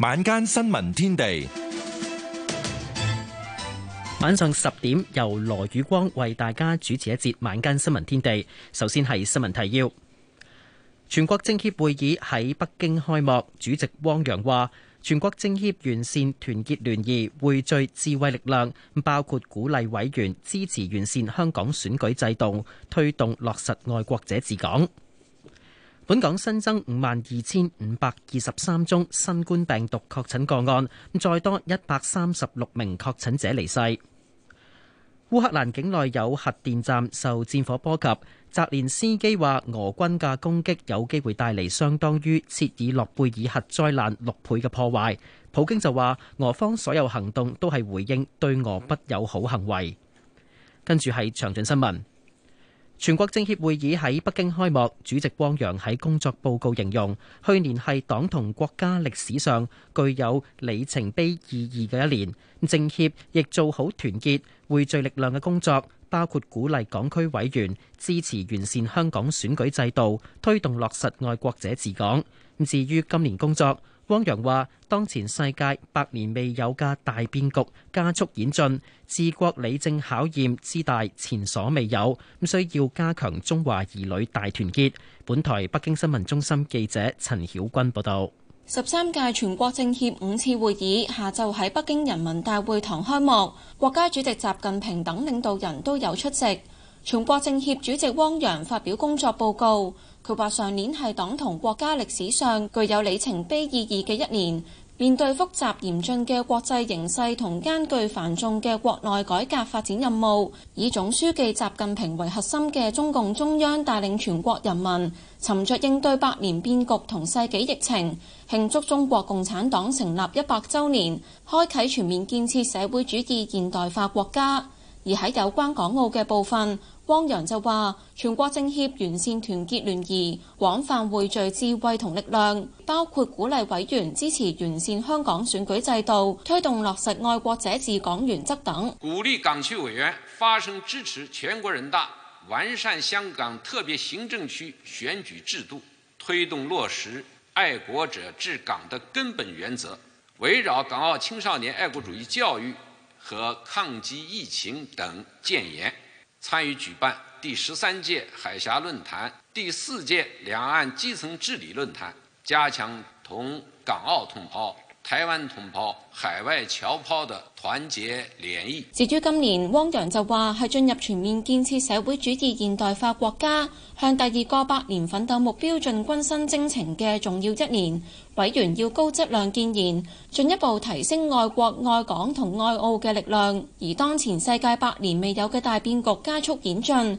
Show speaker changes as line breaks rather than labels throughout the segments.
晚間新聞天
地，晚上十點由羅宇光為大家主持一節晚間新聞天地。首先係新聞提要，全國政協會議喺北京開幕，主席汪洋話：全國政協完善團結聯誼，匯聚智慧力量，包括鼓勵委員支持完善香港選舉制度，推動落實愛國者治港。本港新增五萬二千五百二十三宗新冠病毒確診個案，再多一百三十六名確診者離世。烏克蘭境內有核電站受戰火波及，澤連斯基話俄軍嘅攻擊有機會帶嚟相當於切爾諾貝爾核災難六倍嘅破壞。普京就話俄方所有行動都係回應對俄不友好行為。跟住係詳盡新聞。全國政協會議喺北京開幕，主席汪洋喺工作報告形容去年係黨同國家歷史上具有里程碑意義嘅一年。政協亦做好團結匯聚力量嘅工作，包括鼓勵港區委員支持完善香港選舉制度，推動落實愛國者治港。至於今年工作。汪洋話：當前世界百年未有嘅大變局加速演進，治國理政考驗之大前所未有，咁需要加強中華兒女大團結。本台北京新聞中心記者陳曉君報道，
十三屆全國政協五次會議下晝喺北京人民大會堂開幕，國家主席習近平等領導人都有出席，全國政協主席汪洋發表工作報告。佢話上年係黨同國家歷史上具有里程碑意義嘅一年，面對複雜嚴峻嘅國際形勢同艱巨繁重嘅國內改革發展任務，以總書記習近平為核心嘅中共中央帶領全國人民，沉着應對百年變局同世紀疫情，慶祝中國共產黨成立一百周年，開啟全面建設社會主義現代化國家。而喺有關港澳嘅部分，汪洋就話：全國政協完善團結聯誼，廣泛匯聚智，智慧同力量，包括鼓勵委員支持完善香港選舉制度，推動落實愛國者治港原則等。
鼓勵港區委員發聲支持全國人大完善香港特別行政區選舉制度，推動落實愛國者治港的根本原則，圍繞港澳青少年愛國主義教育和抗擊疫情等建言。參與舉辦第十三屆海峽論壇、第四屆兩岸基層治理論壇，加強同港澳同胞、台灣同胞、海外僑胞的團結聯誼。
至於今年，汪洋就話係進入全面建設社會主義現代化國家，向第二個百年奮鬥目標進軍新征程嘅重要一年。委員要高質量建言，進一步提升愛國愛港同愛澳嘅力量。而當前世界百年未有嘅大變局加速演進。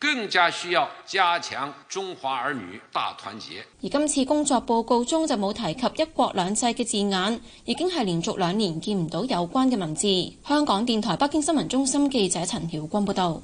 更加需要加強中華兒女大團結。
而今次工作報告中就冇提及一國兩制嘅字眼，已經係連續兩年見唔到有關嘅文字。香港電台北京新聞中心記者陳曉君報道。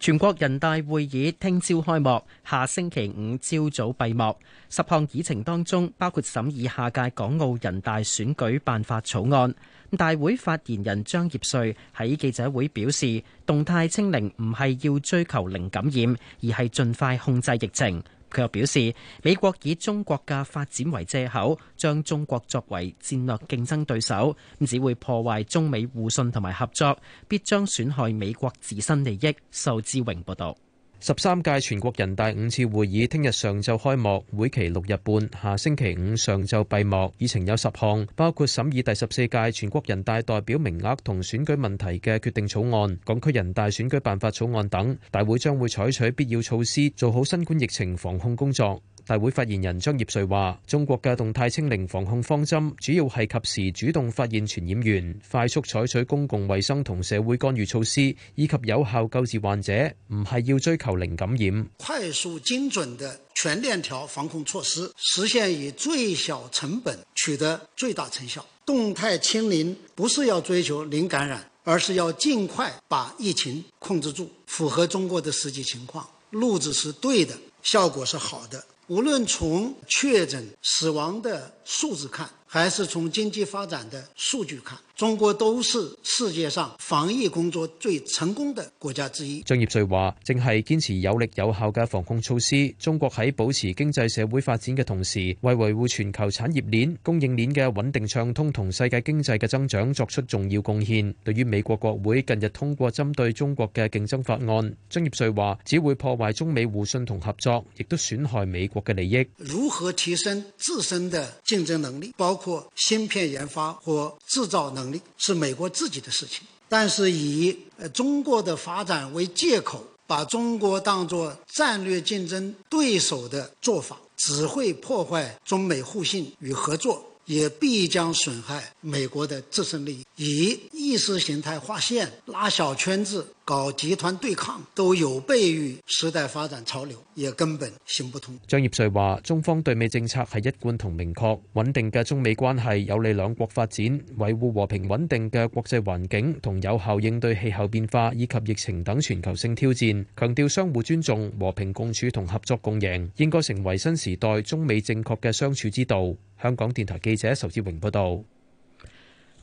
全國人大會議聽朝開幕，下星期五朝早閉幕。十項議程當中，包括審議下屆港澳人大選舉辦法草案。大會發言人張業遂喺記者會表示，動態清零唔係要追求零感染，而係盡快控制疫情。佢又表示，美國以中國嘅發展為借口，將中國作為戰略競爭對手，咁只會破壞中美互信同埋合作，必將損
害美國自身利益。仇志榮報道。十三屆全國人大五次會議聽日上晝開幕，會期六日半，下星期五上晝閉幕。議程有十項，包括審議第十四屆全國人大代表名額同選舉問題嘅決定草案、港區人大選舉辦法草案等。大會將會採取必要措施，做好新冠疫情防控工作。大會發言人張業遂話，中國嘅動態清零防控方針，主要係及時主動發現傳染源，快速採取公共衛生同社會干預措施，以及有效救治患者，唔係要追求零感染。
快速精準的全鏈條防控措施，實現以最小成本取得最大成效。動態清零不是要追求零感染，而是要盡快把疫情控制住，符合中國的實際情況，路子是對的，效果是好的。無論從確診死亡的。數字看，還是從經濟發展的數據看，中國都是世界上防疫工作最成功的國家之一。
張業遂話：正係堅持有力有效嘅防控措施，中國喺保持經濟社會發展嘅同時，為維護全球產業鏈、供應鏈嘅穩定暢通同世界經濟嘅增長作出重要貢獻。對於美國國會近日通過針對中國嘅競爭法案，張業遂話：只會破壞中美互信同合作，亦都損害美國嘅利益。
如何提升自身嘅……競爭能力包括芯片研發和製造能力，是美國自己的事情。但是以中國的發展為借口，把中國當做戰略競爭對手的做法，只會破壞中美互信與合作，也必將損害美國的自身利益，以意識形態劃線、拉小圈子、搞集團對抗，都有悖於時代發展潮流，也根本行不通。
張業遂話：中方對美政策係一貫同明確，穩定嘅中美關係有利兩國發展，維護和平穩定嘅國際環境，同有效應對氣候變化以及疫情等全球性挑戰。強調相互尊重、和平共處同合作共贏，應該成為新時代中美正確嘅相處之道。香港電台記者仇志榮報道。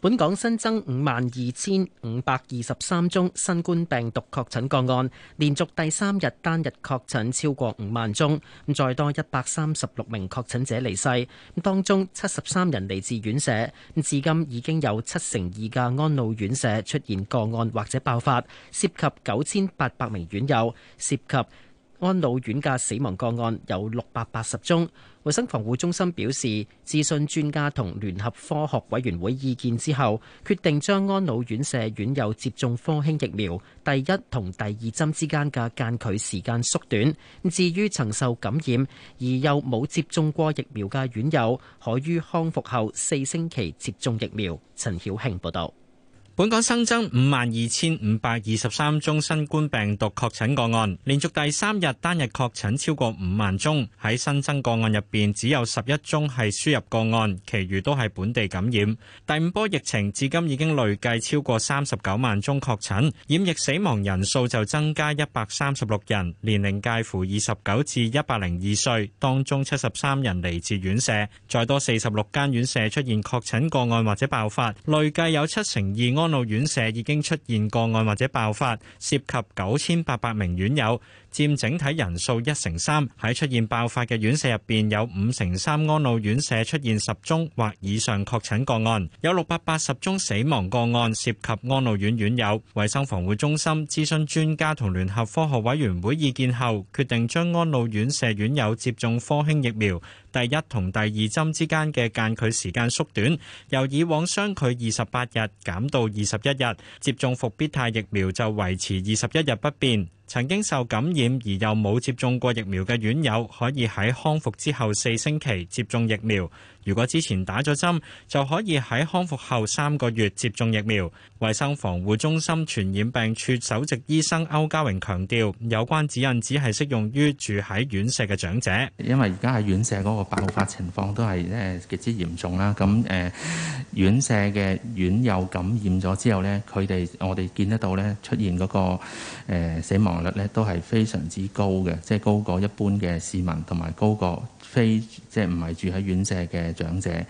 本港新增五萬二千五百二十三宗新
冠病毒確診個案，連續第三日單日確診超過五萬宗。再多一百三十六名確診者離世，當中七十三人嚟自院舍。至今已經有七成二嘅安老院舍出現個案或者爆發，涉及九千八百名院友，涉及安老院嘅死亡個案有六百八十宗。衛生防護中心表示，諮詢專家同聯合科學委員會意見之後，決定將安老院舍院友接種科興疫苗第一同第二針之間嘅間距時間縮短。至於曾受感染而又冇接種過疫苗嘅院友，可於康復後四星期接種疫苗。陳曉慶報道。本港新增五萬二千五百二
十三宗新冠病毒確診個案，連續第三日單日確診超過五萬宗。喺新增個案入邊，只有十一宗係輸入個案，其餘都係本地感染。第五波疫情至今已經累計超過三十九萬宗確診，染疫死亡人數就增加一百三十六人，年齡介乎二十九至一百零二歲，當中七十三人嚟自院舍，再多四十六間院舍出現確診個案或者爆發，累計有七成二安安老院舍已經出現個案或者爆發，涉及九千八百名院友。佔整體人數一成三，喺出現爆發嘅院舍入邊，有五成三安老院舍出現十宗或以上確診個案，有六百八十宗死亡個案涉及安老院院友。衞生防護中心諮詢專家同聯合科學委員會意見後，決定將安老院舍院友接種科興疫苗第一同第二針之間嘅間距時間縮短，由以往相距二十八日減到二十一日，接種復必泰疫苗就維持二十一日不變。曾經受感染而又冇接種過疫苗嘅院友，可以喺康復之後四星期接種疫苗。如果之前打咗針，就可以喺康復後三個月接種疫苗。衛生防護中心傳染病處首席醫生歐家榮強調，有關指引只係適用於住喺院舍嘅長者。因為而家喺院舍嗰個爆發情況都係誒極之嚴重啦。咁誒，呃，
院舍嘅院友感染咗之後咧，佢哋我哋見得到咧出現嗰個誒死亡率咧都係非常之高嘅，即係高過一般嘅市民同埋高過。非即係唔係住喺院舍嘅長者，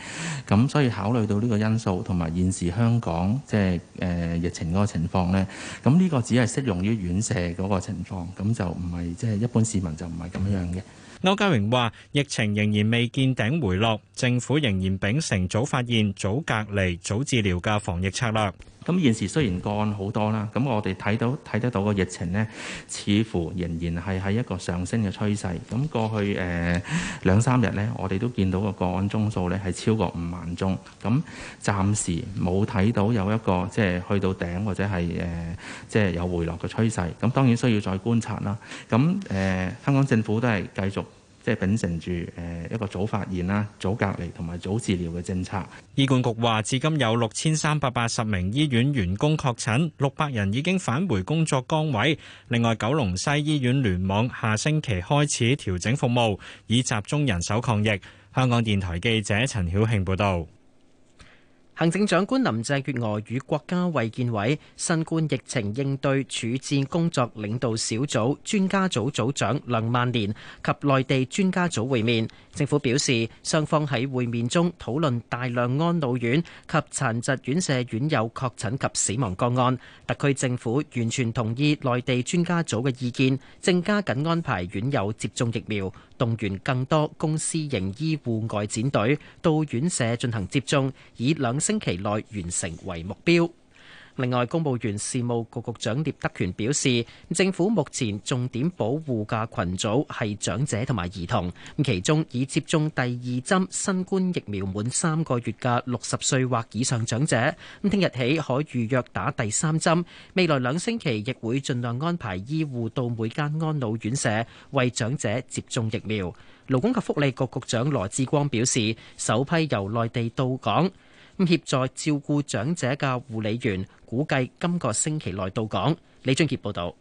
咁所以考慮到呢個因素同埋現時香港即係誒疫情嗰個情況咧，咁呢個只係適用於院舍嗰個情況，咁就唔係即係一般市民就唔係咁樣嘅。
歐家榮話：疫情仍然未見頂回落，政府仍然秉承早發現、早隔離、早治療嘅防疫策略。咁現時雖然個案好多啦，咁我哋睇
到睇得到個疫情呢，似乎仍然係喺一個上升嘅趨勢。咁過去誒兩三日呢，我哋都見到個個案宗數呢係超過五萬宗。咁暫時冇睇到有一個即係去到頂或者係誒、呃、即係有回落嘅趨勢。咁當然需要再觀察啦。咁誒、呃、香港政府都係繼續，即係秉承住誒一個早發現啦、早隔離同埋早治療嘅政策。醫管
局話，至今有六千三百八十名醫院員工確診，六百人已經返回工作崗位。另外，九龍西醫院聯網下星期開始調整服務，以集中人手抗疫。香港電台記者陳曉慶報導。
行政長官林鄭月娥與國家衛健委新冠疫情應對處置工作領導小組專家組組長梁萬年及內地專家組會面，政府表示雙方喺會面中討論大量安老院及殘疾院舍院友確診及死亡個案，特區政府完全同意內地專家組嘅意見，正加緊安排院友接種疫苗，動員更多公私營醫護外展隊到院舍進行接種，以兩。星期內完成為目標。另外，公務員事務局局長聶德權表示，政府目前重點保護嘅群組係長者同埋兒童。咁其中已接種第二針新冠疫苗滿三個月嘅六十歲或以上長者，咁聽日起可預約打第三針。未來兩星期亦會盡量安排醫護到每間安老院舍為長者接種疫苗。勞工及福利局局長羅致光表示，首批由內地到港。協助照顧長者嘅護理員，估計今個星期內到港。李俊杰報導。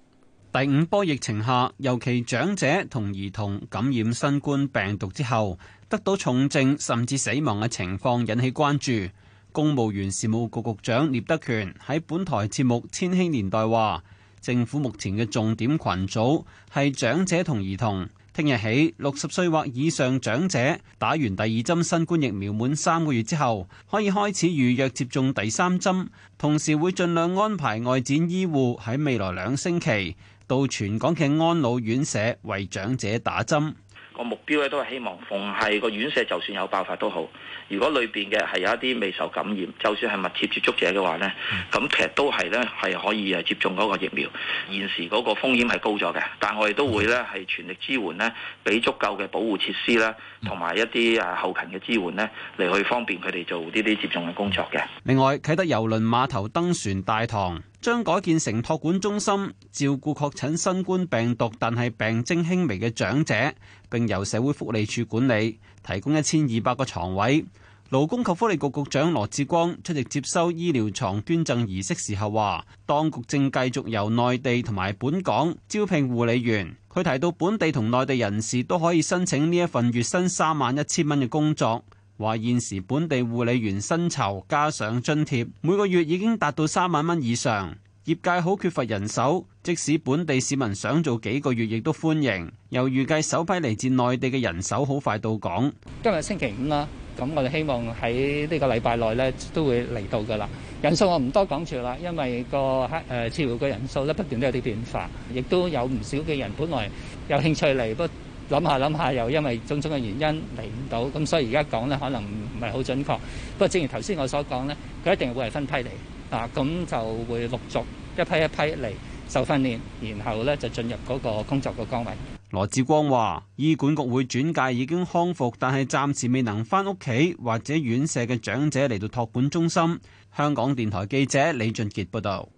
第五波疫情下，尤其長者同兒童感染
新冠病毒之後，得到重症甚至死亡嘅情況引起關注。公務員事務局局長聶德權喺本台節目《千禧年代》話：政府目前嘅重點群組係長者同兒童。聽日起，六十歲或以上長者打完第二針新冠疫苗滿三個月之後，可以開始預約接種第三針。同時會盡量安排外展醫護喺未來兩星期到全港嘅安老院舍為長者打針。
個目標咧都係希望，逢係個院舍就算有爆發都好。如果裏邊嘅係有一啲未受感染，就算係密切接觸者嘅話呢，咁其實都係呢係可以誒接種嗰個疫苗。現時嗰個風險係高咗嘅，但我哋都會呢係全力支援呢，俾足夠嘅保護設施啦。同埋一啲誒後勤嘅支援呢，嚟去方便佢哋做呢啲接種嘅工作嘅。
另外，啟德郵輪碼頭登船大堂將改建成托管中心，照顧確診新冠病毒但係病徵輕微嘅長者，並由社會福利署管理，提供一千二百個床位。勞工及福利局局長羅致光出席接收醫療床捐贈儀式時候話，當局正繼續由內地同埋本港招聘護理員。佢提到本地同內地人士都可以申請呢一份月薪三萬一千蚊嘅工作。話，現時本地護理員薪酬加上津貼，每個月已經達到三萬蚊以上。業界好缺乏人手，即使本地市民想做幾個月亦都歡迎。又預計首批嚟自內地
嘅人手好快到港。今日星期五啊！咁我哋希望喺呢個禮拜內咧都會嚟到㗎喇，人數我唔多講住喇，因為個黑誒、呃、治療嘅人數咧不斷都有啲變化，亦都有唔少嘅人本來有興趣嚟，不過諗下諗下又因為種種嘅原因嚟唔到，咁所以而家講咧可能唔係好準確。不過正如頭先我所講咧，佢一定會係分批嚟啊，咁就會陸續一批一批嚟。受訓練，然後呢就進入嗰個工作嘅崗位。
羅志光話：醫管局會轉介已經康復，但係暫時未能返屋企或者院舍嘅長者嚟到托
管中心。香港電台記者李俊傑報導。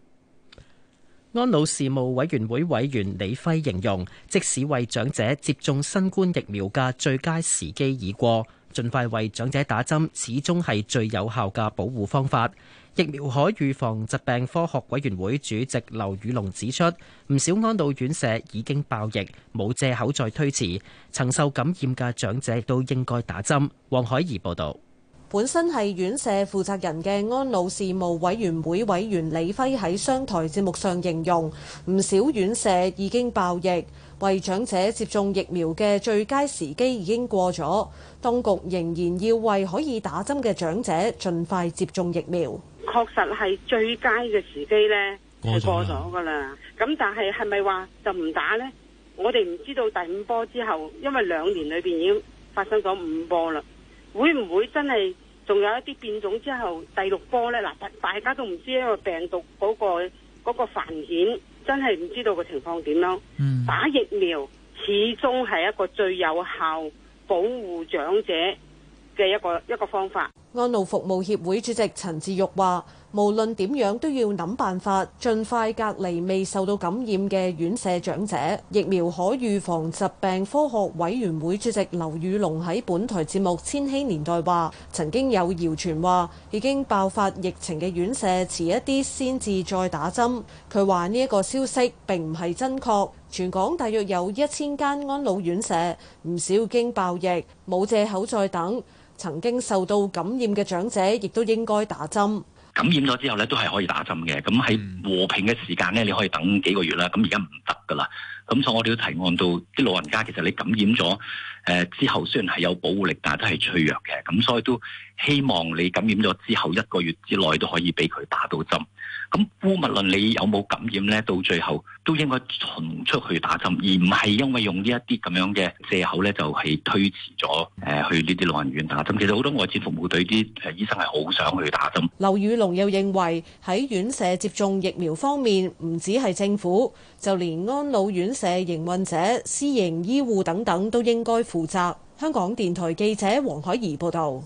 安老事務委員會委員，委員李輝形容，即使為長者接種新冠疫苗嘅最佳時機已過，儘快為長者打針始終係最有效嘅保護方法。疫苗可預防疾病科學委員會主席劉宇龍指出，唔少安老院舍已經爆疫，冇藉口再推遲。曾受感染嘅長者都應該打針。黃海怡報導。
本身係院舍負責人嘅安老事務委員會委員李輝喺商台節目上形容，唔少院舍已經爆疫，為長者接種疫苗嘅最佳時機已經過咗。當局仍然要為可以打針嘅長者盡快接種疫苗。確實係最佳嘅時機呢，過咗噶啦。咁但係係咪話就唔打呢？我哋唔知道第五波之後，因為兩年裏邊已經發生咗五波啦。會唔會真係仲有一啲變種之後第六波呢，嗱，大家都唔知，因為病毒嗰、嗰個嗰個繁衍真係唔知道個情況點樣。嗯、打疫苗始終係一個最有效保護長者。嘅一個一個方法。安老服務協會主席陳志玉話，無論點樣都要諗辦法，盡快隔離未受到感染嘅院舍長者。疫苗可預防疾病科學委員會主席劉宇龍喺本台節目《千禧年代》話曾經有謠傳話已經爆發疫情嘅院舍，遲一啲先至再打針，佢話呢一個消息並唔係真確，全港大約有一千間安老院舍，唔少經爆疫，冇借口再等。曾經受到感染嘅長者，亦都應該打針。
感染咗之後咧，都係可以打針嘅。咁喺和平嘅時間咧，你可以等幾個月啦。咁而家唔得㗎啦。咁所以我哋都提案到啲老人家，其實你感染咗誒、呃、之後，雖然係有保護力，但係都係脆弱嘅。咁所以都希望你感染咗之後一個月之內都可以俾佢打到針。咁，無論你有冇感染咧，到最後都應該循出去打針，而唔係因為用呢一啲咁樣嘅借口咧，就係推遲咗誒去呢啲老人院打針。其實好多外展服務隊啲誒醫生係好想去
打針。劉宇龍又認為喺院舍接種疫苗方面，唔止係政府，就連安老院舍營運者、私營醫護等等都應該負責。香港電台記者黃海怡報道。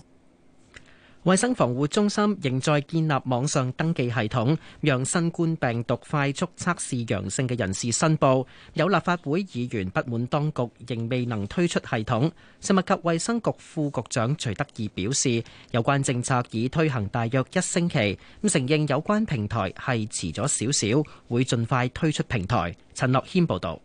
衛生防護中心仍在建立網上登記系統，讓新冠病毒快速測試陽性嘅人士申報。有立法會議員不滿當局，仍未能推出系統。食物及衛生局副局長徐德義表示，有關政策已推行大約一星期，咁承認有關平台係遲咗少少，會盡快推出
平台。陳樂謙報道。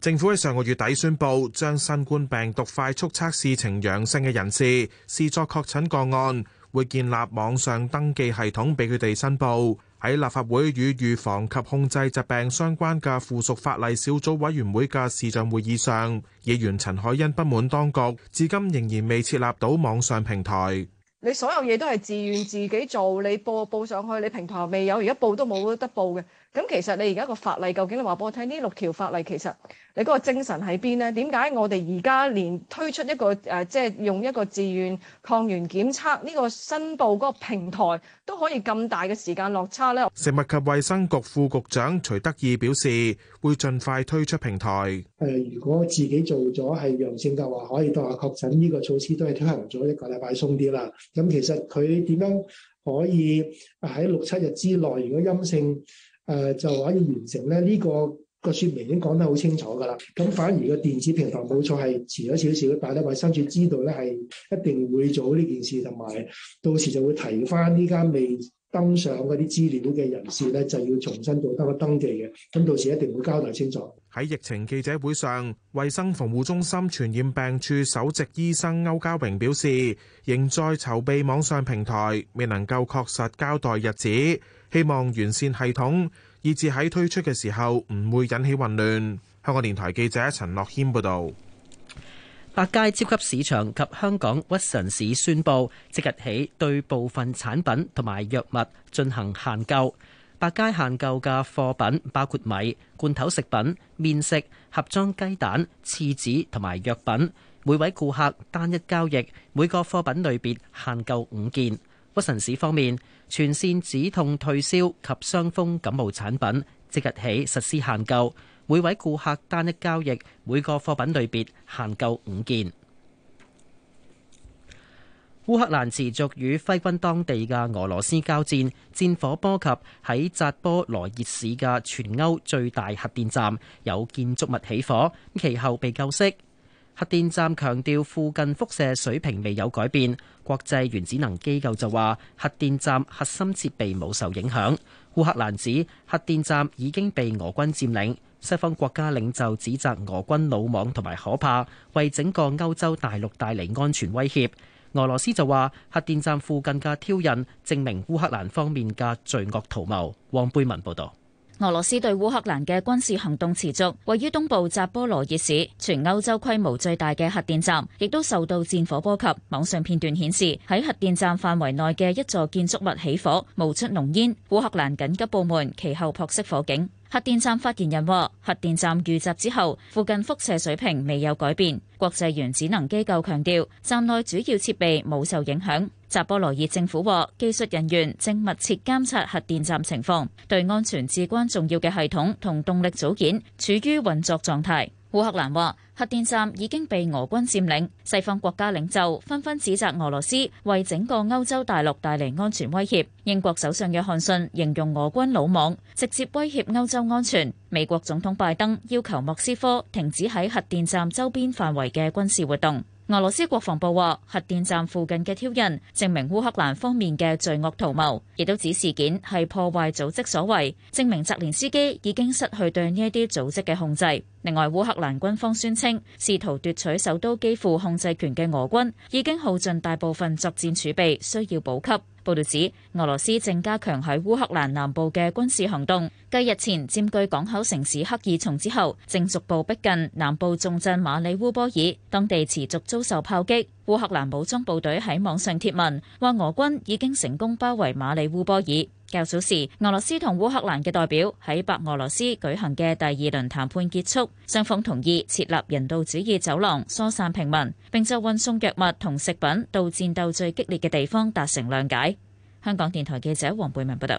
政府喺上個月底宣布，將新冠病毒快速測試呈陽性嘅人士視作確診個案。會建立網上登記系統俾佢哋申報。喺立法會與預防及控制疾病相關嘅附屬法例小組委員會嘅視像會議上，議員陳凱欣不滿當局至今仍然未設立到網上平台。
你所有嘢都係自願自己做，你報報上去，你平台未有，而家報都冇得報嘅。咁其實你而家個法例究竟你話俾我聽，呢六條法例其實你嗰個精神喺邊咧？點解我哋而家連推出一個誒，即、啊、係、就是、用一個自願抗原檢測呢個申報嗰個平台都可以咁大嘅時間落差咧？
食物及衛生局副局長徐德義表示，會盡快推出平台。
誒、呃，如果自己做咗係陽性嘅話，可以當下確診呢個措施都係推行咗一個禮拜鬆啲啦。咁其實佢點樣可以喺六七日之內，如果陰性？誒就可以完成咧，呢個個説明已經講得好清楚㗎啦。咁反而個電子平台冇錯係遲咗少少，但係衛生署知道咧，係一定會做呢件事，同埋到時就會提翻呢間未登上嗰啲資料嘅人士咧，就要重新做登個登記嘅。咁到時一定會交代清楚。
喺疫情記者會上，衞生防護中心傳染病處首席醫生歐家榮表示，仍在籌備網上平台，未能夠確實交代日子。希望完善系統，以至喺推出嘅時候唔會引起混亂。香港電台記者陳樂謙報道。百
佳超級市場及香港屈臣氏宣布，即日起對部分產品同埋藥物進行限購，百佳限購嘅貨品包括米、罐頭食品、麵食、盒裝雞蛋、廁紙同埋藥品。每位顧客單一交易每個貨品類別限購五件。屈臣氏方面，全線止痛退燒及傷風感冒產品即日起實施限購，每位顧客單一交易，每個貨品類別限購五件。烏克蘭持續與揮軍當地嘅俄羅斯交戰，戰火波及喺扎波羅熱市嘅全歐最大核電站，有建築物起火，其後被救熄。核電站強調附近輻射水平未有改變，國際原子能機構就話核電站核心設備冇受影響，烏克蘭指核電站已經被俄軍佔領，西方國家領袖指責俄軍魯莽同埋可怕，為整個歐洲大陸帶嚟安全威脅，俄羅斯就話核電站附近嘅挑釁證明烏克蘭方面嘅罪惡圖謀，黃貝文報道。
俄羅斯對烏克蘭嘅軍事行動持續，位於東部扎波羅熱市，全歐洲規模最大嘅核電站，亦都受到戰火波及。網上片段顯示，喺核電站範圍內嘅一座建築物起火，冒出濃煙。烏克蘭緊急部門，其後撲熄火警。核電站發言人話：核電站遇襲之後，附近輻射水平未有改變。國際原子能機構強調，站內主要設備冇受影響。扎波羅熱政府話，技術人員正密切監察核電站情況，對安全至關重要嘅系統同動力組件處於運作狀態。烏克蘭話，核電站已經被俄軍佔領，西方國家領袖紛紛指責俄羅斯為整個歐洲大陸帶嚟安全威脅。英國首相約翰遜形容俄軍魯莽，直接威脅歐洲安全。美國總統拜登要求莫斯科停止喺核電站周邊範圍嘅軍事活動。俄羅斯國防部話，核電站附近嘅挑釁證明烏克蘭方面嘅罪惡圖謀，亦都指事件係破壞組織所為，證明澤連斯基已經失去對呢一啲組織嘅控制。另外，烏克蘭軍方宣稱，試圖奪取首都基輔控制權嘅俄軍已經耗盡大部分作戰儲備，需要補給。報導指，俄羅斯正加強喺烏克蘭南部嘅軍事行動。繼日前佔據港口城市赫爾松之後，正逐步逼近南部重鎮馬里烏波爾。當地持續遭受炮擊。烏克蘭武裝部隊喺網上貼文，話俄軍已經成功包圍馬里烏波爾。較早時，俄羅斯同烏克蘭嘅代表喺白俄羅斯舉行嘅第二輪談判結束，雙方同意設立人道主義走廊，疏散平民，並就運送藥物同食品到戰鬥最激烈嘅地方達成諒解。香港電台記者黃貝文報道。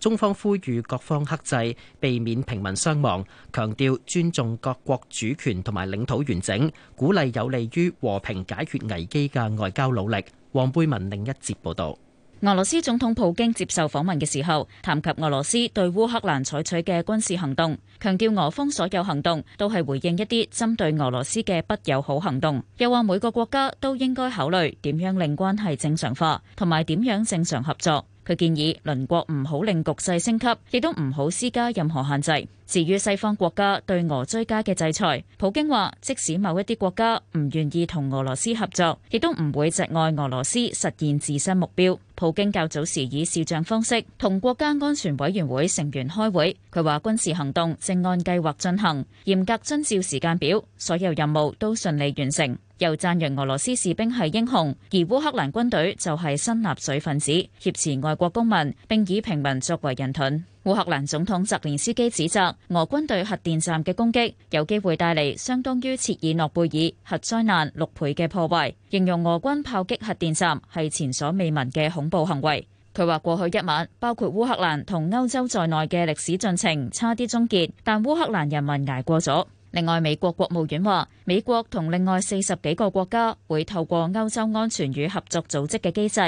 中方呼籲各方克制，避免平民傷亡，強調尊重各國主權同埋領土完整，鼓勵有利於和平解決危機嘅外交努力。黃貝文另一節報道，
俄羅斯總統普京接受訪問嘅時候，談及俄羅斯對烏克蘭採取嘅軍事行動，強調俄方所有行動都係回應一啲針對俄羅斯嘅不友好行動，又話每個國家都應該考慮點樣令關係正常化同埋點樣正常合作。佢建議鄰國唔好令局勢升級，亦都唔好施加任何限制。至於西方國家對俄追加嘅制裁，普京話：即使某一啲國家唔願意同俄羅斯合作，亦都唔會窒礙俄羅斯實現自身目標。普京較早時以視像方式同國家安全委員會成員開會，佢話軍事行動正按計劃進行，嚴格遵照時間表，所有任務都順利完成。又讚揚俄羅斯士兵係英雄，而烏克蘭軍隊就係新納粹分子，挾持外國公民並以平民作為人盾。烏克蘭總統澤連斯基指責俄軍對核電站嘅攻擊，有機會帶嚟相當於切爾諾貝爾核災難六倍嘅破壞，形容俄軍炮擊核電站係前所未聞嘅恐怖行為。佢話過去一晚，包括烏克蘭同歐洲在內嘅歷史進程差啲終結，但烏克蘭人民挨過咗。另外，美國國務院話，美國同另外四十幾個國家會透過歐洲安全與合作組織嘅機制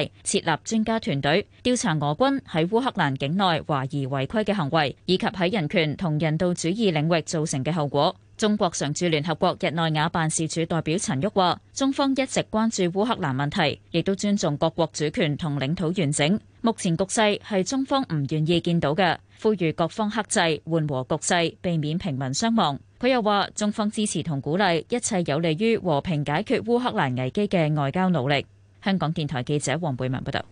設立專家團隊，調查俄軍喺烏克蘭境內懷疑違規嘅行為，以及喺人權同人道主義領域造成嘅後果。中國常駐聯合國日內瓦辦事處代表陳旭話，中方一直關注烏克蘭問題，亦都尊重各國主權同領土完整。目前局勢係中方唔願意見到嘅，呼籲各方克制、緩和局勢，避免平民傷亡。佢又話：中方支持同鼓勵一切有利於和平解決烏克蘭危機嘅外交努力。香港電台記者黃貝文報道。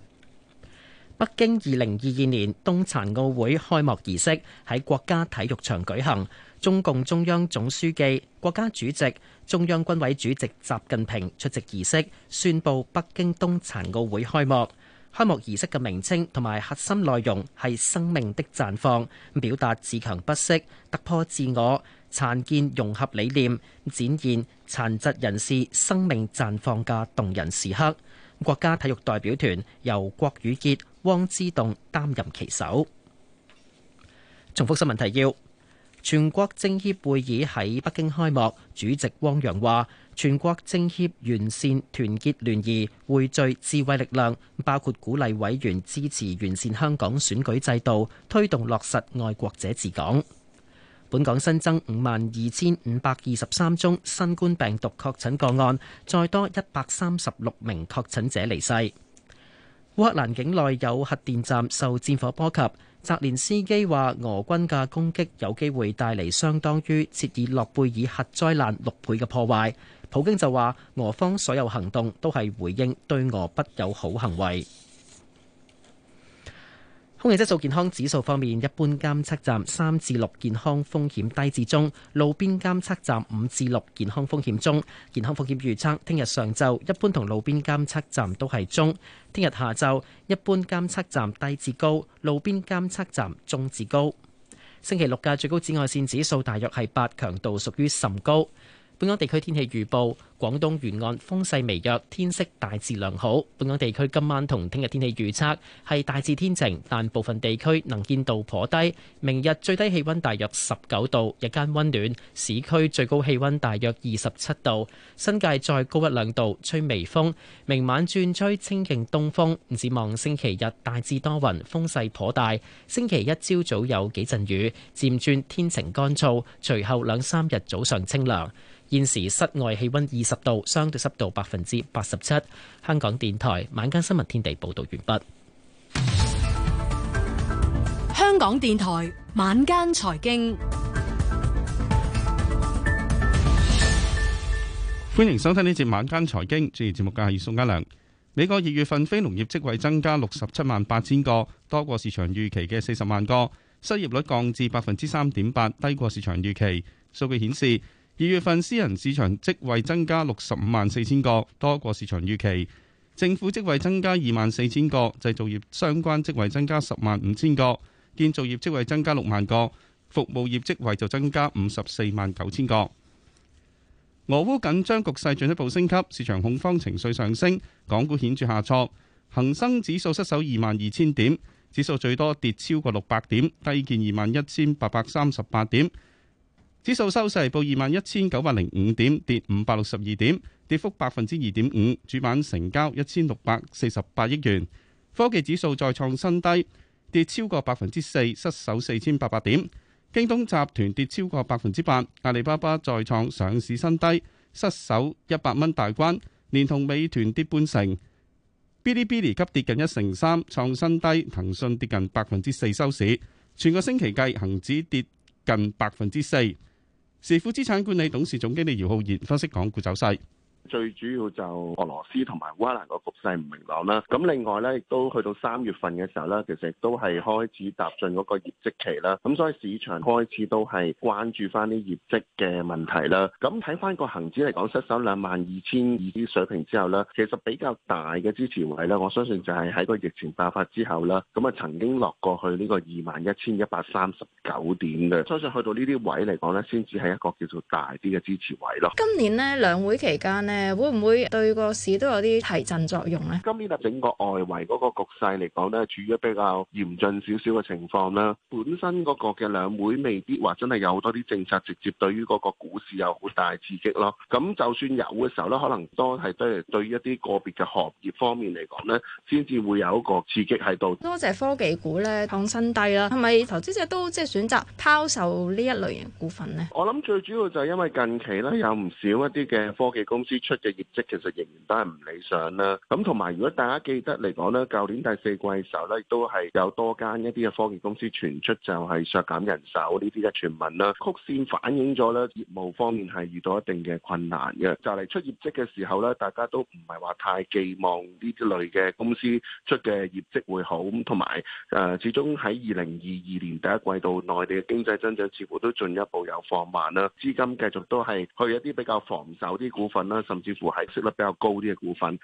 北京二零二二年冬殘奧會開幕儀式喺國家體育場舉行，中共中央總書記、國家主席、中央軍委主席習近平出席儀式，宣佈北京冬殘奧會開幕。開幕儀式嘅名稱同埋核心內容係生命的綻放，表達自強不息、突破自我。殘健融合理念展現殘疾人士生命綻放嘅動人時刻。國家體育代表團由郭雨潔、汪之棟擔任旗手。重複新聞提要：全國政協會議喺北京開幕，主席汪洋話，全國政協完善團結聯誼，匯聚智慧力量，包括鼓勵委員支持完善香港選舉制度，推動落實愛國者治港。本港新增五萬二千五百二十三宗新冠病毒確診個案，再多一百三十六名確診者離世。烏克蘭境內有核電站受戰火波及，澤連斯基話俄軍嘅攻擊有機會帶嚟相當於切爾諾貝爾核災難六倍嘅破壞。普京就話俄方所有行動都係回應對俄不友好行為。空氣質素健康指數方面，一般監測站三至六，健康風險低至中；路邊監測站五至六，健康風險中。健康風險預測：聽日上晝一般同路邊監測站都係中；聽日下晝一般監測站低至高，路邊監測站中至高。星期六嘅最高紫外線指數大約係八，強度屬於甚高。本港地區天氣預報。廣東沿岸風勢微弱，天色大致良好。本港地區今晚同聽日天氣預測係大致天晴，但部分地區能見度頗低。明日最低氣温大約十九度，日間温暖，市區最高氣温大約二十七度，新界再高一兩度，吹微風。明晚轉吹清勁東風，展望星期日大致多雲，風勢頗大。星期一朝早，早有幾陣雨，漸轉天晴乾燥，隨後兩三日早上清涼。現時室外氣温二。十度，相對濕度百分之八十七。香港電台晚間新聞天地報道完畢。
香港電台晚間財經，
歡迎收聽呢節晚間財經。主持節目嘅係宋家良。美國二月份非農業職位增加六十七萬八千個，多過市場預期嘅四十萬個。失業率降至百分之三點八，低過市場預期。數據顯示，二月份私人市場職位增加六十五萬四千個，多過市場預期。政府職位增加二萬四千個，製造業相關職位增加十萬五千個，建造業職位增加六萬個，服務業職位就增加五十四萬九千個。俄烏緊張局勢進一步升級，市場恐慌情緒上升，港股顯著下挫，恒生指數失守二萬二千點，指數最多跌超過六百點，低見二萬一千八百三十八點。指數收市報二萬一千九百零五點，跌五百六十二點，跌幅百分之二點五。主板成交一千六百四十八億元。科技指數再創新低，跌超過百分之四，失守四千八百點。京東集團跌超過百分之八，阿里巴巴再創上市新低，失守一百蚊大關。連同美團跌半成，嗶哩嗶哩急跌近一成三，創新低。騰訊跌近百分之四收市。全個星期計，恒指跌近百分之四。時富資產管理董事總經理姚浩然分析港股走勢。
最主要就俄羅斯同埋烏蘭個局勢唔明朗啦。咁另外咧，亦都去到三月份嘅時候咧，其實亦都係開始踏進嗰個業績期啦。咁所以市場開始都係關注翻啲業績嘅問題啦。咁睇翻個恒指嚟講，失守兩萬二千二啲水平之後咧，其實比較大嘅支持位咧，我相信就係喺個疫情爆發之後啦。咁啊曾經落過去呢個二萬一千一百三十九點嘅，相信去到呢啲位嚟講咧，先至係一個叫做大啲嘅支持位咯。
今年呢兩會期間呢。誒會唔會
對個市都有啲提振作用
呢？今年啊，整個外圍嗰個局勢嚟講呢，處於比較嚴峻少少嘅情況啦。本身嗰個嘅兩會未必話真係有好多啲政策直接對於嗰個股市有好大刺激咯。咁就算有嘅時候呢，可能多係都係對於一啲個別嘅行業方面嚟講呢，先至會有一個刺激喺度。多隻
科技股呢，創新低啦。係咪投資者都即係選擇拋售呢一類型股
份呢？我諗最主要就係因為近期呢，有唔少一啲嘅科技公司。出嘅業績其實仍然都係唔理想啦。咁同埋，如果大家記得嚟講呢，舊年第四季嘅時候呢，亦都係有多間一啲嘅科技公司傳出就係削減人手呢啲嘅傳聞啦。曲線反映咗呢，業務方面係遇到一定嘅困難嘅。就嚟、是、出業績嘅時候呢，大家都唔係話太寄望呢啲類嘅公司出嘅業績會好。咁同埋，誒，始終喺二零二二年第一季度，內地嘅經濟增長似乎都進一步有放慢啦。資金繼續都係去一啲比較防守啲股份啦。甚至乎係息率比較高啲嘅股份。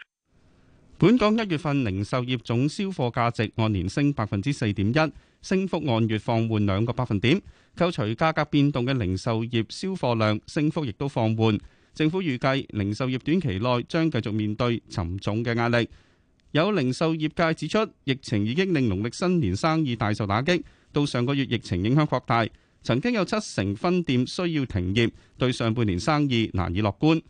本港一月份零售業總銷貨價值按年升百分之四點一，升幅按月放緩兩個百分點。扣除價格變動嘅零售業銷貨量升幅亦都放緩。政府預計零售業短期內將繼續面對沉重嘅壓力。有零售業界指出，疫情已經令農曆新年生意大受打擊。到上個月疫情影響擴大，曾經有七成分店需要停業，對上半年生意難以樂觀。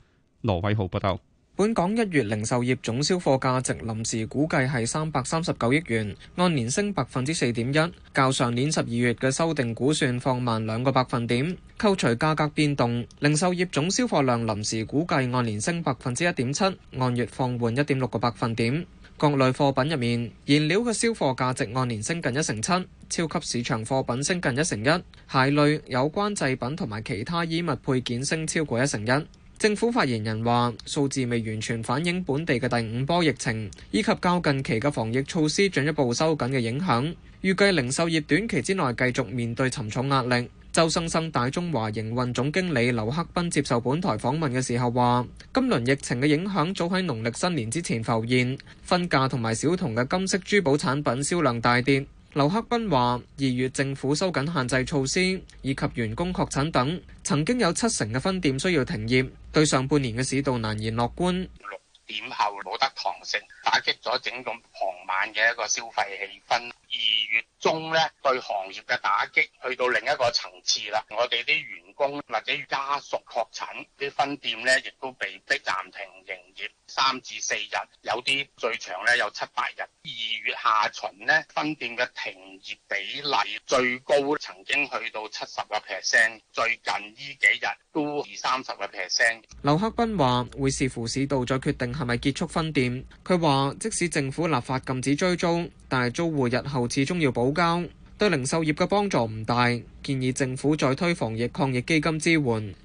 羅偉豪報道：
本港一月零售業總銷貨價值臨時估計係三百三十九億元，按年升百分之四點一，較上年十二月嘅修訂估算放慢兩個百分點。扣除價格變動，零售業總銷貨量臨時估計按年升百分之一點七，按月放緩一點六個百分點。各類貨品入面，燃料嘅銷貨價值按年升近一成七，超級市場貨品升近一成一，鞋類、有關製品同埋其他衣物配件升超過一成一。政府發言人話：數字未完全反映本地嘅第五波疫情，以及較近期嘅防疫措施進一步收緊嘅影響。預計零售業短期之內繼續面對沉重壓力。周生生大中華營運總經理劉克斌接受本台訪問嘅時候話：今輪疫情嘅影響早喺農曆新年之前浮現，婚嫁同埋小童嘅金色珠寶產品銷量大跌。劉克斌話：二月政府收緊限制措施以及員工確診等，曾經有七成嘅分店需要停業，對上半年嘅市道難言樂觀。
六點後冇得堂食，打擊咗整個傍晚嘅一個消費氣氛。二月中呢，對行業嘅打擊去到另一個層次啦。我哋啲員工或者家屬確診，啲分店呢亦都被迫暫停營業三至四日，有啲最長呢有七八日。二月下旬呢，分店嘅停業比例最高，曾經去到七十個 percent。最近呢幾日都二三十個 percent。
劉克斌話：會視乎市道再決定係咪結束分店。佢話：即使政府立法禁止追租，但係租戶日後始終要補交。對零售業嘅幫助唔大，建議政府再推防疫抗疫基金支援，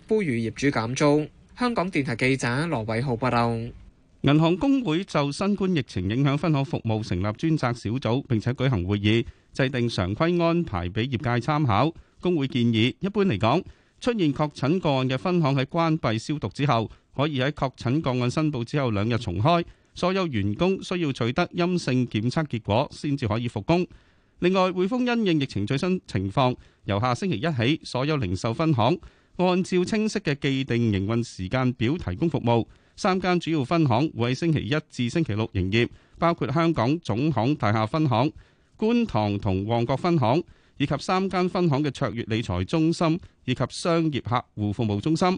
呼籲業主減租。香港電台記者羅偉浩報道。
銀行公會就新冠疫情影響分行服務成立專責小組，並且舉行會議，制定常規安排俾業界參考。公會建議，一般嚟講，出現確診個案嘅分行喺關閉消毒之後，可以喺確診個案申報之後兩日重開，所有員工需要取得陰性檢測結果先至可以復工。另外，匯豐因應疫情最新情況，由下星期一起，所有零售分行按照清晰嘅既定營運時間表提供服務。三間主要分行會喺星期一至星期六營業，包括香港總行大廈分行、觀塘同旺角分行，以及三間分行嘅卓越理財中心，以及商業客戶服務中心。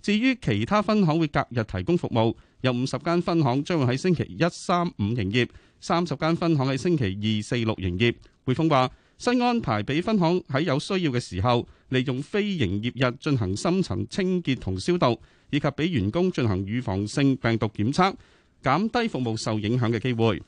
至於其他分行會隔日提供服務，有五十間分行將會喺星期一、三、五營業，三十間分行喺星期二、四、六營業。滙豐話：新安排俾分行喺有需要嘅時候，利用非營業日進行深層清潔同消毒，以及俾員工進行預防性病毒檢測，減低服務受影響嘅機會。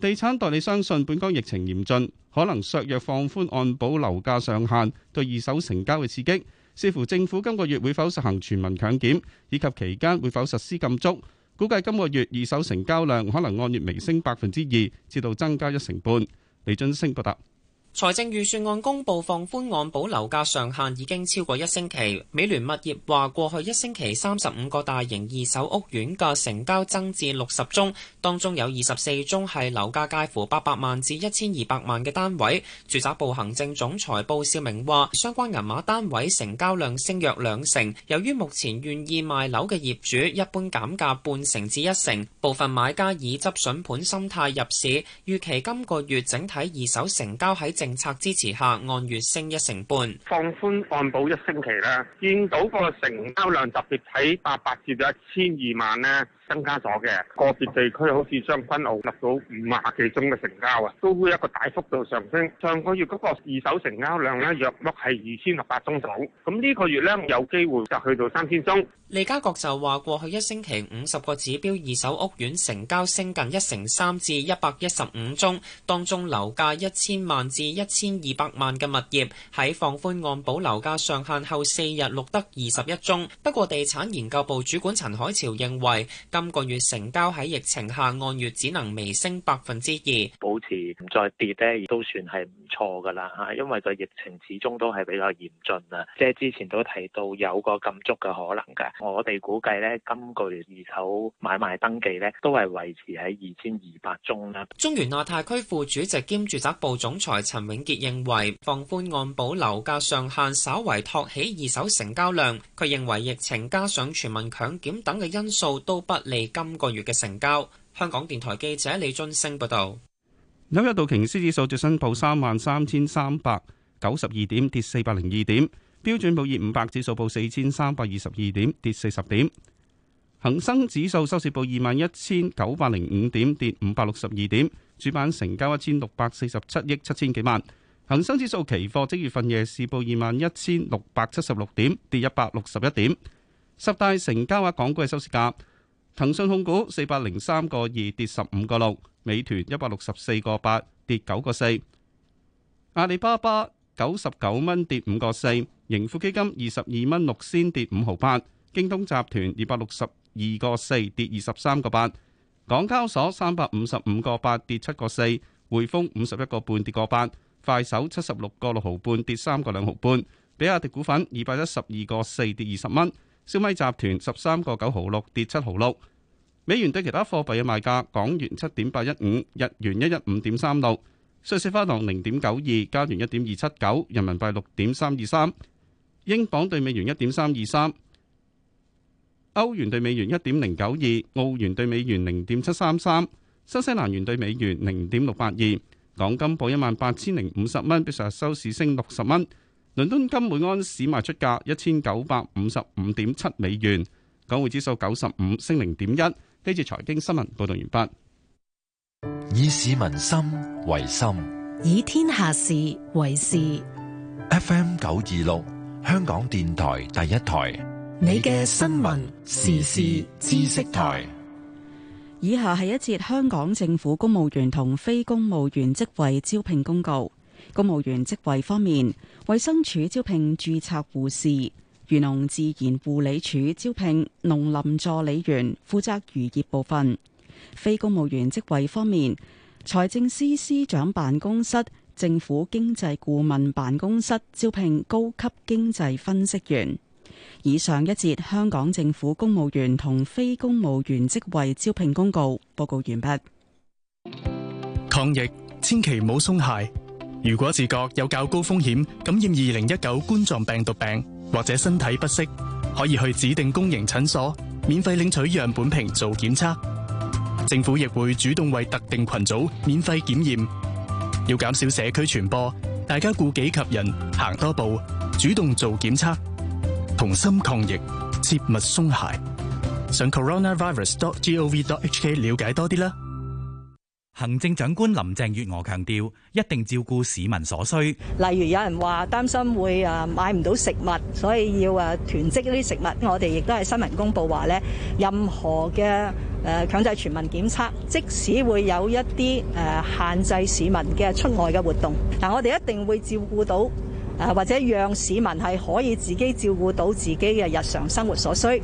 地產代理相信本港疫情嚴峻，可能削弱放寬按保樓價上限對二手成交嘅刺激。視乎政府今個月會否實行全民強檢，以及期間會否實施禁足，估計今個月二手成交量可能按月微升百分之二，至到增加一成半。李俊升報道。
財政預算案公布放寬按保樓價上限已經超過一星期。美聯物業話，過去一星期三十五個大型二手屋苑嘅成交增至六十宗，當中有二十四宗係樓價介乎八百萬至一千二百萬嘅單位。住宅部行政總裁布少明話，相關銀碼單位成交量升約兩成。由於目前願意賣樓嘅業主一般減價半成至一成，部分買家以執筍盤心態入市，預期今個月整體二手成交喺正，政策支持下，按月升一成半。
放寬按
保一
星期咧，見到個成交量特別喺八百至到一千二萬咧，增加咗嘅，個別地區好似將軍澳錄到五廿幾宗嘅成交啊，都會一個大幅度上升。上個月嗰個二手成交量呢約錄係二千六百宗左右，咁呢個月呢有機會就去到三千宗。
利嘉閣就話：過去一星期五十個指標二手屋苑成交升近一成三至一百一十五宗，當中樓價一千萬至一千二百萬嘅物業喺放寬按保樓價上限後四日錄得二十一宗。不過，地產研究部主管陳海潮認為。今個月成交喺疫情下按月只能微升百分之二，保持唔再跌咧，都算係唔錯噶啦吓，因為個疫情始終都係比較嚴峻啊。即係之
前都提到有個禁足嘅可能嘅，我哋估計咧，今個月二手買賣登記咧都係維持喺二千二百宗啦。
中原亞太區副主席兼住宅部總裁陳永傑認為，放寬按保樓價上限稍為托起二手成交量。佢認為疫情加上全民強檢等嘅因素都不。嚟今個月嘅成交，香港電台記者李津升報道。
紐約道瓊斯指數最新報三萬三千三百九十二點，跌四百零二點；標準普爾五百指數報四千三百二十二點，跌四十點；恒生指數收市報二萬一千九百零五點，跌五百六十二點。主板成交一千六百四十七億七千幾萬。恒生指數期貨即月份夜市報二萬一千六百七十六點，跌一百六十一點。十大成交額港股嘅收市價。騰訊控股四百零三個二跌十五個六，美團一百六十四個八跌九個四，阿里巴巴九十九蚊跌五個四，盈富基金二十二蚊六先跌五毫八，京東集團二百六十二個四跌二十三個八，港交所三百五十五個八跌七個四，匯豐五十一個半跌個八，快手七十六個六毫半跌三個兩毫半，比亞迪股份二百一十二個四跌二十蚊，小米集團十三個九毫六跌七毫六。美元對其他貨幣嘅賣價：港元七點八一五，日元一一五點三六，瑞士法郎零點九二，加元一點二七九，人民幣六點三二三，英鎊對美元一點三二三，歐元對美元一點零九二，澳元對美元零點七三三，新西蘭元對美元零點六八二。港金報一萬八千零五十蚊，比上日收市升六十蚊。倫敦金每安士賣出價一千九百五十五點七美元，港匯指數九十五升零點一。呢住財經新聞報道完畢，以市民心為心，
以天下事為事。
F. M. 九二六，香港電台第一台，
你嘅新聞時
事知識台。
以下係一節香港政府公務員同非公務員職位招聘公告。公務員職位方面，衛生署招聘註冊護士。漁農自然護理署招聘農林助理員，負責漁業部分。非公務員職位方面，財政司司長辦公室、政府經濟顧問辦公室招聘高級經濟分析員。以上一節香港政府公務員同非公務員職位招聘公告報告完畢。
抗疫千祈唔好鬆懈，如果自覺有較高風險感染二零一九冠狀病毒病，或者身體不適，可以去指定公營診所免費領取樣本瓶做檢測。政府亦會主動為特定群組免費檢驗，要減少社區傳播，大家顧己及人，行多步，主動做檢測，同心抗疫，切勿鬆懈。上 coronavirus.gov.hk 了解多啲啦。行政長官林鄭月娥強調，一定照顧市民所需。
例如有人話擔心會啊買唔到食物，所以要啊囤積呢啲食物。我哋亦都係新聞公布話呢，任何嘅誒強制全民檢測，即使會有一啲誒限制市民嘅出外嘅活動，嗱，我哋一定會照顧到，或者讓市民係可以自己照顧到自己嘅日常生活所需。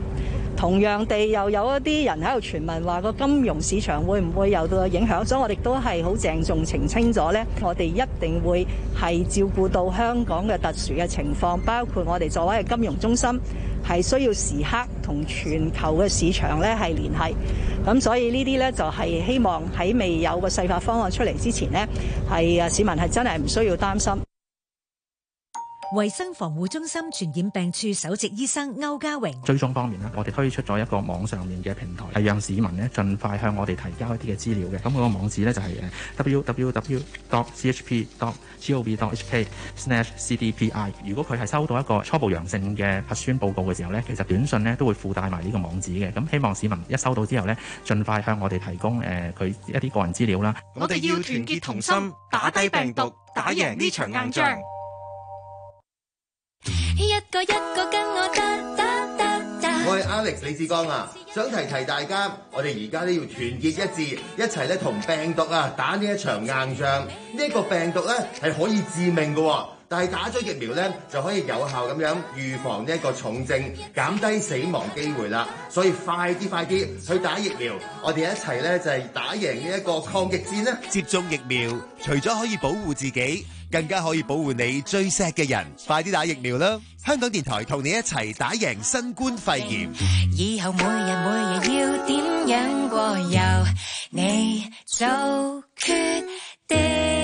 同樣地，又有一啲人喺度傳聞話個金融市場會唔會有到影響，所以我哋都係好鄭重澄清咗呢，我哋一定會係照顧到香港嘅特殊嘅情況，包括我哋作為嘅金融中心，係需要時刻同全球嘅市場呢係聯繫。咁所以呢啲呢，就係希望喺未有個細化方案出嚟之前呢，係啊市民係真係唔需要擔心。衛生防護中心傳染病處首席醫生歐家榮。
追蹤方面咧，我哋推出咗一個網上面嘅平台，係讓市民咧盡快向我哋提交一啲嘅資料嘅。咁、那、嗰個網址呢，就係 www.chp.gov.hk/cdpi。如果佢係收到一個初步陽性嘅核酸報告嘅時候呢，其實短信咧都會附帶埋呢個網址嘅。咁希望市民一收到之後呢，盡快向我哋提供誒佢一啲個人資料啦。
我哋要團結同心，打低病毒，打贏呢場硬仗。一個一個跟我得得得。我係 Alex 李志剛啊，想提提大家，我哋而家都要團結一致，一齊咧同病毒啊打呢一場硬仗。呢一個病毒咧係可以致命噶，但係打咗疫苗咧就可以有效咁樣預防呢一個重症，減低死亡機會啦。所以快啲快啲去打疫苗，我哋一齊咧就係打贏呢一個抗疫戰啦。接種疫苗，除咗可以保護自己。更加可以保護你最錫嘅人，快啲打疫苗啦！香港電台同你一齊打贏新冠肺炎。以後每日每日要點樣過，由你做決定。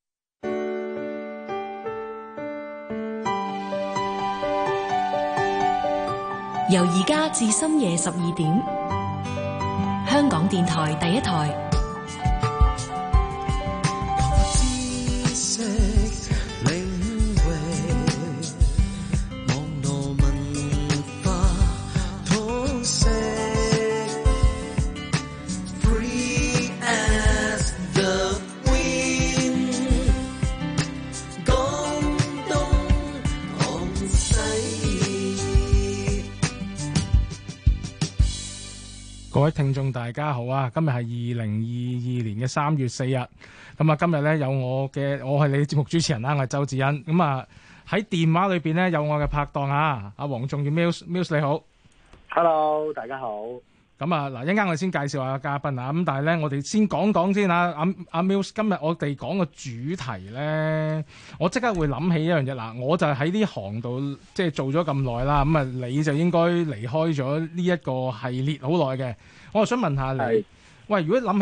由而家至深夜十二點，香港電台第一台。
各位聽眾大家好啊！今日係二零二二年嘅三月四日，咁啊今日咧有我嘅，我係你節目主持人啦，我係周智恩。咁啊喺電話裏邊咧有我嘅拍檔啊，阿黃仲遠 Mills，Mills 你好，Hello，大家好。咁、嗯、啊，嗱一陣間我哋先介紹下嘉賓啊，咁但係咧，我哋先講講先啊，阿阿 Mils 今日我哋講個主題咧，我即刻會諗起一樣嘢，嗱我就喺呢行度即係做咗咁耐啦，咁、嗯、啊你就應該
離開咗呢一個系列好耐嘅，我又想問下你，是喂，如果諗？